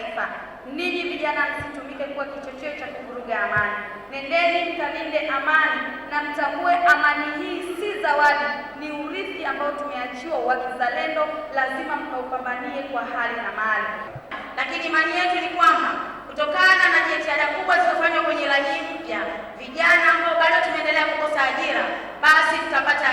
taifa. Ninyi vijana msitumike kuwa kichocheo cha kuvuruga amani. Nendeni mkalinde amani na mtambue amani hii si zawadi, ni urithi ambao tumeachiwa wa kizalendo, lazima mkaupambanie kwa hali na mali. Lakini imani yetu ni kwamba kutokana na jitihada kubwa zilizofanywa kwenye ilani mpya, vijana ambao bado tumeendelea kukosa ajira, basi tutapata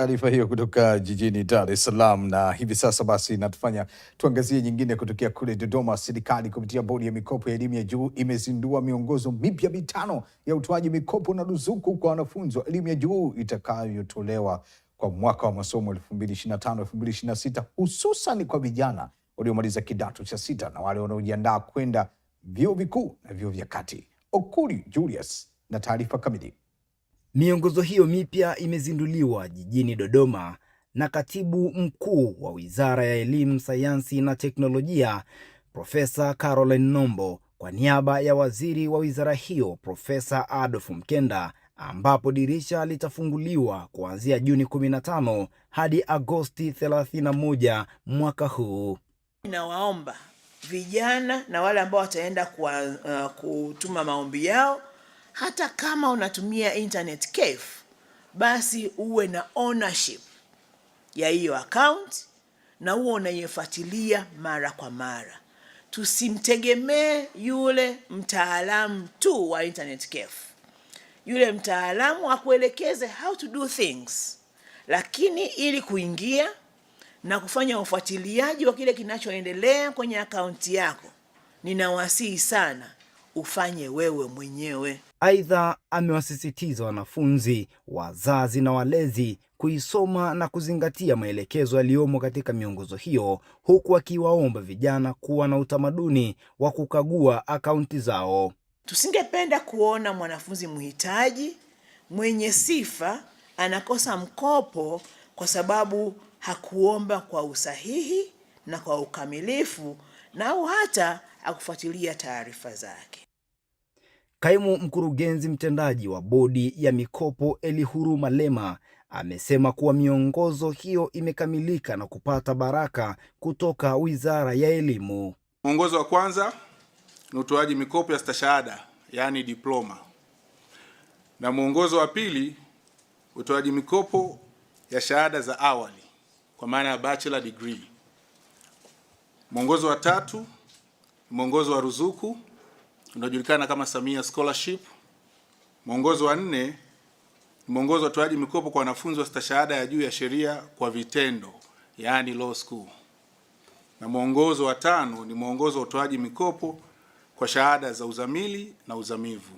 Taarifa hiyo kutoka jijini Dar es Salaam. Na hivi sasa basi natufanya tuangazie nyingine kutokea kule Dodoma. Serikali kupitia bodi ya mikopo ya elimu ya juu imezindua miongozo mipya mitano ya utoaji mikopo na ruzuku kwa wanafunzi wa elimu ya juu itakayotolewa kwa mwaka wa masomo 2025/2026 hususan kwa vijana waliomaliza kidato cha sita na wale wanaojiandaa kwenda vyuo vikuu na vyuo vya kati. Okuri Julius na taarifa kamili. Miongozo hiyo mipya imezinduliwa jijini Dodoma na Katibu Mkuu wa Wizara ya Elimu, Sayansi na Teknolojia, Profesa Caroline Nombo kwa niaba ya Waziri wa Wizara hiyo, Profesa Adolf Mkenda, ambapo dirisha litafunguliwa kuanzia Juni 15 hadi Agosti 31 mwaka huu. Nawaomba vijana na wale ambao wataenda kwa, uh, kutuma maombi yao hata kama unatumia internet cafe, basi uwe na ownership ya hiyo account na huo unayefuatilia mara kwa mara. Tusimtegemee yule mtaalamu tu wa internet cafe. Yule mtaalamu akuelekeze how to do things, lakini ili kuingia na kufanya ufuatiliaji wa kile kinachoendelea kwenye akaunti yako, ninawasihi sana ufanye wewe mwenyewe. Aidha, amewasisitiza wanafunzi, wazazi na walezi kuisoma na kuzingatia maelekezo yaliyomo katika miongozo hiyo, huku akiwaomba vijana kuwa na utamaduni wa kukagua akaunti zao. Tusingependa kuona mwanafunzi mhitaji mwenye sifa anakosa mkopo kwa sababu hakuomba kwa usahihi na kwa ukamilifu na au hata akufuatilia taarifa zake. Kaimu mkurugenzi mtendaji wa bodi ya mikopo Elihuru Malema amesema kuwa miongozo hiyo imekamilika na kupata baraka kutoka Wizara ya Elimu. Mwongozo wa kwanza ni utoaji mikopo ya stashahada, yaani diploma, na mwongozo wa pili utoaji mikopo ya shahada za awali kwa maana ya bachelor degree. Mwongozo wa tatu mwongozo wa ruzuku unaojulikana kama Samia Scholarship. Mwongozo wa nne ni mwongozo wa utoaji mikopo kwa wanafunzi wa stashahada ya juu ya sheria kwa vitendo, yaani law school, na mwongozo wa tano ni mwongozo wa utoaji mikopo kwa shahada za uzamili na uzamivu.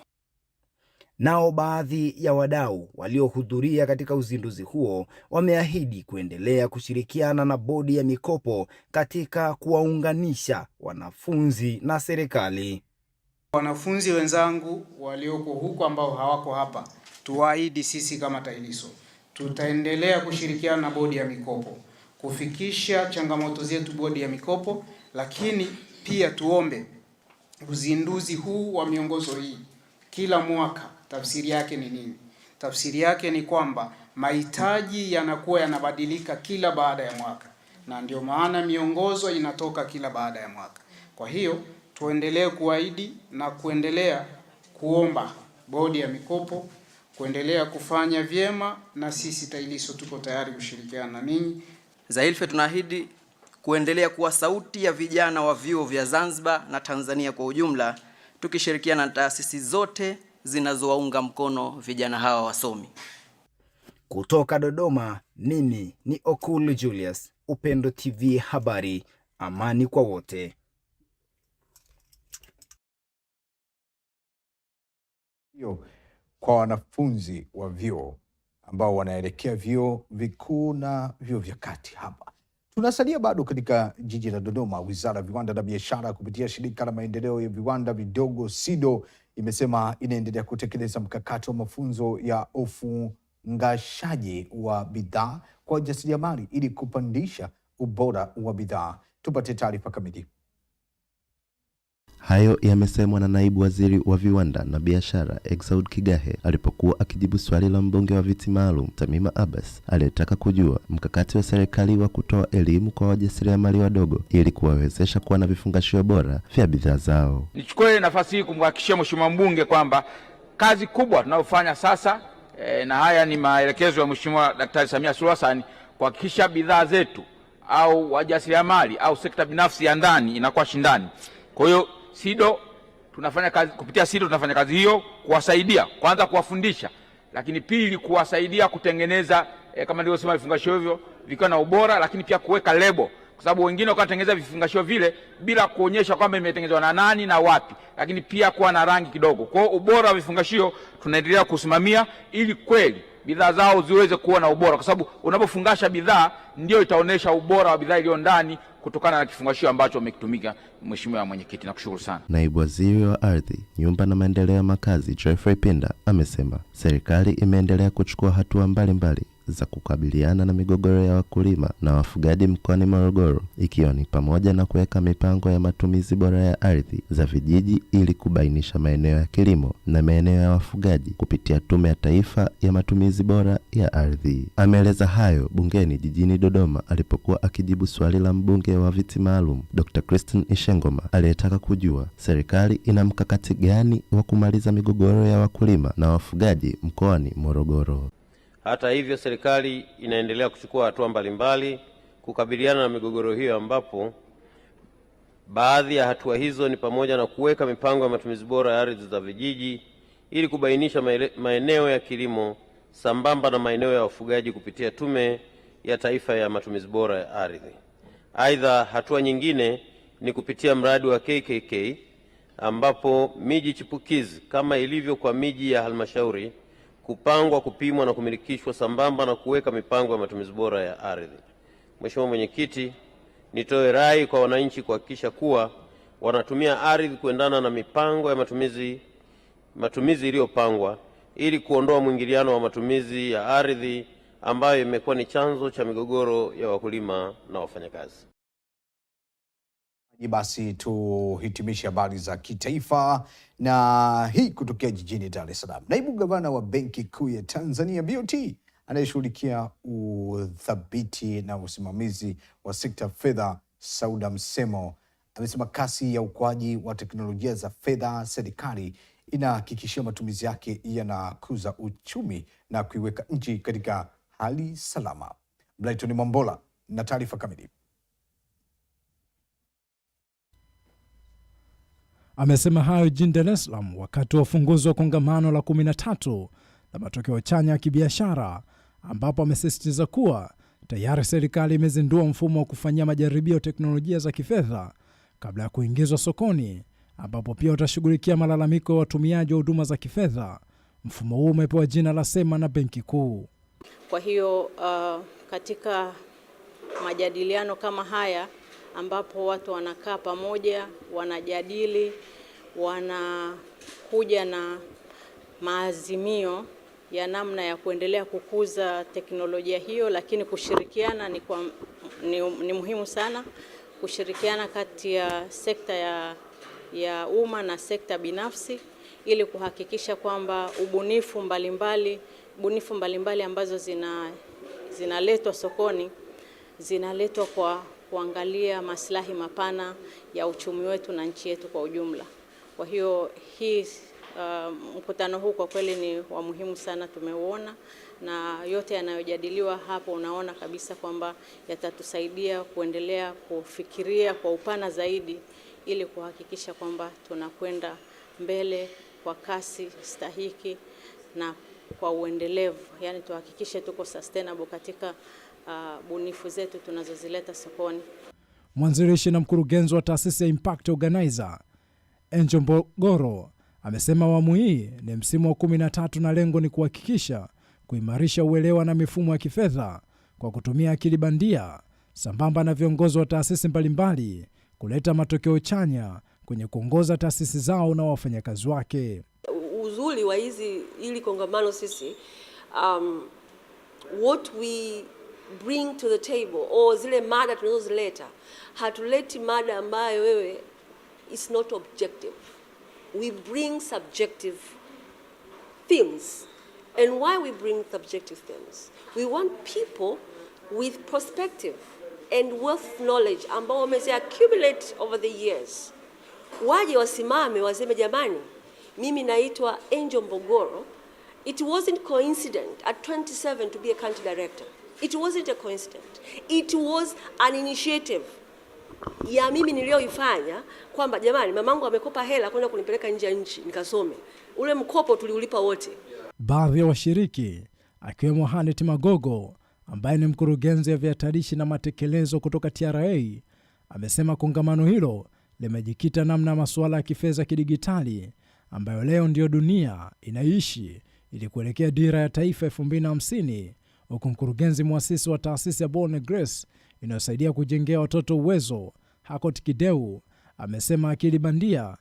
Nao baadhi ya wadau waliohudhuria katika uzinduzi huo wameahidi kuendelea kushirikiana na bodi ya mikopo katika kuwaunganisha wanafunzi na serikali. Wanafunzi wenzangu walioko huko ambao hawako hapa, tuahidi sisi kama TAHLISO tutaendelea kushirikiana na bodi ya mikopo kufikisha changamoto zetu bodi ya mikopo, lakini pia tuombe uzinduzi huu wa miongozo hii kila mwaka, tafsiri yake ni nini? Tafsiri yake ni kwamba mahitaji yanakuwa yanabadilika kila baada ya mwaka, na ndio maana miongozo inatoka kila baada ya mwaka. Kwa hiyo tuendelee kuahidi na kuendelea kuomba bodi ya mikopo kuendelea kufanya vyema, na sisi TAHLISO tuko tayari kushirikiana na ninyi. ZAHLIFE tunaahidi kuendelea kuwa sauti ya vijana wa vyuo vya Zanzibar na Tanzania kwa ujumla, tukishirikiana na taasisi zote zinazowaunga mkono vijana hawa wasomi. Kutoka Dodoma, mimi ni Okulu Julius, Upendo TV, habari, amani kwa wote. hiyo kwa wanafunzi wa vyuo ambao wanaelekea vyuo vikuu na vyuo vya kati. Hapa tunasalia bado katika jiji la Dodoma. Wizara ya Viwanda na Biashara kupitia shirika la maendeleo ya viwanda vidogo SIDO imesema inaendelea kutekeleza mkakati wa mafunzo ya ufungashaji wa bidhaa kwa wajasiriamali ili kupandisha ubora wa bidhaa. Tupate taarifa kamili. Hayo yamesemwa na naibu waziri wa viwanda na biashara Exaud Kigahe alipokuwa akijibu swali la mbunge wa viti maalum Tamima Abbas aliyetaka kujua mkakati wa serikali wa kutoa elimu kwa wajasiriamali wadogo ili kuwawezesha kuwa na vifungashio bora vya bidhaa zao. Nichukue nafasi hii kumhakikishia mheshimiwa mbunge kwamba kazi kubwa tunayofanya sasa e, na haya ni maelekezo ya mheshimiwa Daktari Samia Suluhu Hassan kuhakikisha bidhaa zetu au wajasiriamali au sekta binafsi ya ndani inakuwa shindani. Kwa hiyo SIDO tunafanya kazi kupitia SIDO tunafanya kazi hiyo kuwasaidia, kwanza kuwafundisha, lakini pili kuwasaidia kutengeneza eh, kama nilivyosema vifungashio hivyo vikiwa na ubora, lakini pia kuweka lebo, kwa sababu wengine wakatengeneza vifungashio vile bila kuonyesha kwamba imetengenezwa na nani na wapi, lakini pia kuwa na rangi kidogo. Kwa hiyo ubora wa vifungashio tunaendelea kusimamia ili kweli bidhaa zao ziweze kuwa na ubora, kwa sababu unapofungasha bidhaa ndio itaonyesha ubora wa bidhaa iliyo ndani kutokana na kifungashio ambacho amekitumika Mheshimiwa Mwenyekiti, nakushukuru sana. Naibu Waziri wa Ardhi, Nyumba na Maendeleo ya Makazi Geoffrey Pinda amesema serikali imeendelea kuchukua hatua mbalimbali za kukabiliana na migogoro ya wakulima na wafugaji mkoani Morogoro, ikiwa ni pamoja na kuweka mipango ya matumizi bora ya ardhi za vijiji ili kubainisha maeneo ya kilimo na maeneo ya wafugaji kupitia Tume ya Taifa ya Matumizi Bora ya Ardhi. Ameeleza hayo bungeni jijini Dodoma alipokuwa akijibu swali la mbunge wa viti maalum Dr. Christine Ishengoma aliyetaka kujua serikali ina mkakati gani wa kumaliza migogoro ya wakulima na wafugaji mkoani Morogoro. Hata hivyo, serikali inaendelea kuchukua hatua mbalimbali kukabiliana na migogoro hiyo, ambapo baadhi ya hatua hizo ni pamoja na kuweka mipango ya matumizi bora ya ardhi za vijiji ili kubainisha maeneo ya kilimo sambamba na maeneo ya wafugaji kupitia Tume ya Taifa ya Matumizi Bora ya Ardhi. Aidha, hatua nyingine ni kupitia mradi wa KKK ambapo miji chipukizi kama ilivyo kwa miji ya halmashauri kupangwa, kupimwa na kumilikishwa sambamba na kuweka mipango ya matumizi bora ya ardhi. Mheshimiwa Mwenyekiti, nitoe rai kwa wananchi kuhakikisha kuwa wanatumia ardhi kuendana na mipango ya matumizi, matumizi iliyopangwa ili kuondoa mwingiliano wa matumizi ya ardhi ambayo imekuwa ni chanzo cha migogoro ya wakulima na wafanyakazi. Basi tuhitimishe habari za kitaifa na hii kutokea jijini Dar es Salaam. Naibu gavana wa Benki Kuu ya Tanzania BOT anayeshughulikia uthabiti na usimamizi wa sekta fedha, Sauda Msemo amesema kasi ya ukuaji wa teknolojia za fedha serikali inahakikishia matumizi yake yanakuza uchumi na kuiweka nchi katika hali salama. Blaitoni Mambola na taarifa kamili. Amesema hayo jijini Dar es Salaam wakati wa ufunguzi wa kongamano la 13 la matokeo chanya ya kibiashara, ambapo amesisitiza kuwa tayari serikali imezindua mfumo wa kufanyia majaribio teknolojia za kifedha kabla ya kuingizwa sokoni, ambapo pia utashughulikia malalamiko ya watumiaji wa huduma za kifedha. Mfumo huu umepewa jina la Sema na Benki Kuu. Kwa hiyo uh, katika majadiliano kama haya ambapo watu wanakaa pamoja, wanajadili, wanakuja na maazimio ya namna ya kuendelea kukuza teknolojia hiyo, lakini kushirikiana ni, kwa, ni, ni muhimu sana kushirikiana kati ya sekta ya, ya umma na sekta binafsi ili kuhakikisha kwamba ubunifu mbalimbali ubunifu mbalimbali ambazo zina zinaletwa sokoni zinaletwa kwa kuangalia maslahi mapana ya uchumi wetu na nchi yetu kwa ujumla. Kwa hiyo hii uh, mkutano huu kwa kweli ni wa muhimu sana, tumeuona na yote yanayojadiliwa hapo, unaona kabisa kwamba yatatusaidia kuendelea kufikiria kwa upana zaidi ili kuhakikisha kwamba tunakwenda mbele kwa kasi stahiki na kwa uendelevu, yani tuhakikishe tuko sustainable katika uh, bunifu zetu tunazozileta sokoni. Mwanzilishi na mkurugenzi wa taasisi ya Impact Organizer Enjo Mbogoro amesema awamu hii ni msimu wa kumi na tatu na lengo ni kuhakikisha kuimarisha uelewa na mifumo ya kifedha kwa kutumia akili bandia sambamba na viongozi wa taasisi mbalimbali kuleta matokeo chanya kwenye kuongoza taasisi zao na wafanyakazi wake. Uzuri wa hizi hili kongamano sisi um, what we bring to the table or zile mada tunazozileta, hatuleti mada ambayo wewe is not objective. We bring subjective things. And why we bring subjective things? We want people with prospective and wealth knowledge ambao wameze accumulate over the years, waje wasimame waseme, jamani, mimi naitwa Angel Mbogoro. It wasn't coincident at 27 to be a country director. It wasn't a coincidence. It was an initiative ya mimi niliyoifanya kwamba jamani, mamangu amekopa hela kwenda kunipeleka nje ya nchi nikasome. Ule mkopo tuliulipa wote. Baadhi ya washiriki akiwemo Hanet Magogo ambaye ni mkurugenzi wa vihatarishi na matekelezo kutoka TRA amesema kongamano hilo limejikita namna ya masuala ya kifedha kidigitali ambayo leo ndiyo dunia inaishi ili kuelekea dira ya taifa 2050 huku mkurugenzi mwasisi wa taasisi ya Born Grace inayosaidia kujengea watoto uwezo Hakot Kideu amesema akili bandia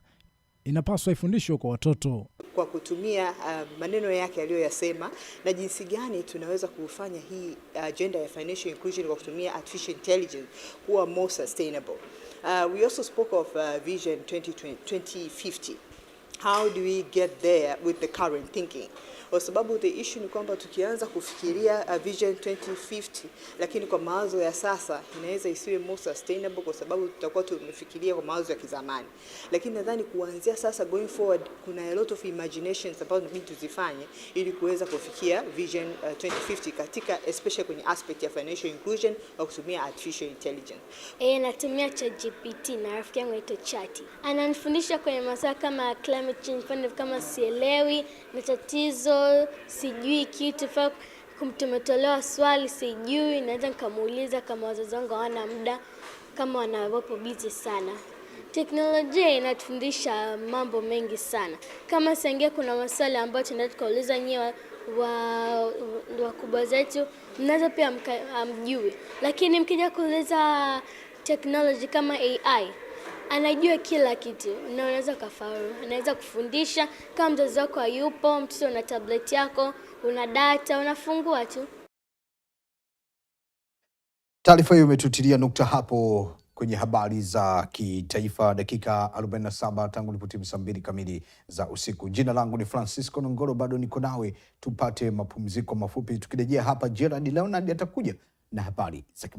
inapaswa ifundishwe kwa watoto kwa kutumia uh, maneno yake aliyoyasema na jinsi gani tunaweza kufanya hii agenda uh, ya financial inclusion kwa kutumia artificial intelligence kuwa more sustainable. Uh, we also spoke of uh, vision 2020, 2050. How do we get there with the current thinking? kwa sababu the issue ni kwamba tukianza kufikiria a vision 2050 lakini kwa mawazo ya sasa inaweza isiwe more sustainable, kwa sababu tutakuwa tumefikiria kwa mawazo ya kizamani. Lakini nadhani kuanzia sasa going forward kuna a lot of imaginations ambazo inabidi tuzifanye ili kuweza kufikia vision uh, 2050 katika especially kwenye aspect ya financial inclusion au kutumia artificial intelligence. Eh, natumia ChatGPT na rafiki yangu anaitwa Chati, ananifundisha kwenye masuala kama climate change, kama sielewi matatizo, sijui kitu fa tumetolewa swali sijui, naweza nikamuuliza kama wazazi wangu hawana muda, kama wanawapo bizi sana. Teknolojia inatufundisha mambo mengi sana. Kama sangia kuna maswali ambayo tunaweza tukauliza nyewe wakubwa wa, wa zetu, mnaweza pia mjui, lakini mkija kuuliza teknoloji kama AI anajua kila kitu na unaweza ukafaulu. Anaweza kufundisha kama mzazi wako hayupo, mtoto una tablet yako, una data, unafungua tu. Taarifa hiyo imetutilia nukta hapo kwenye habari za kitaifa, dakika 47 tangu lipotimu saa mbili kamili za usiku. Jina langu ni Francisco Nongoro, bado niko nawe, tupate mapumziko mafupi. Tukirejea hapa, Gerard Leonard atakuja na habari za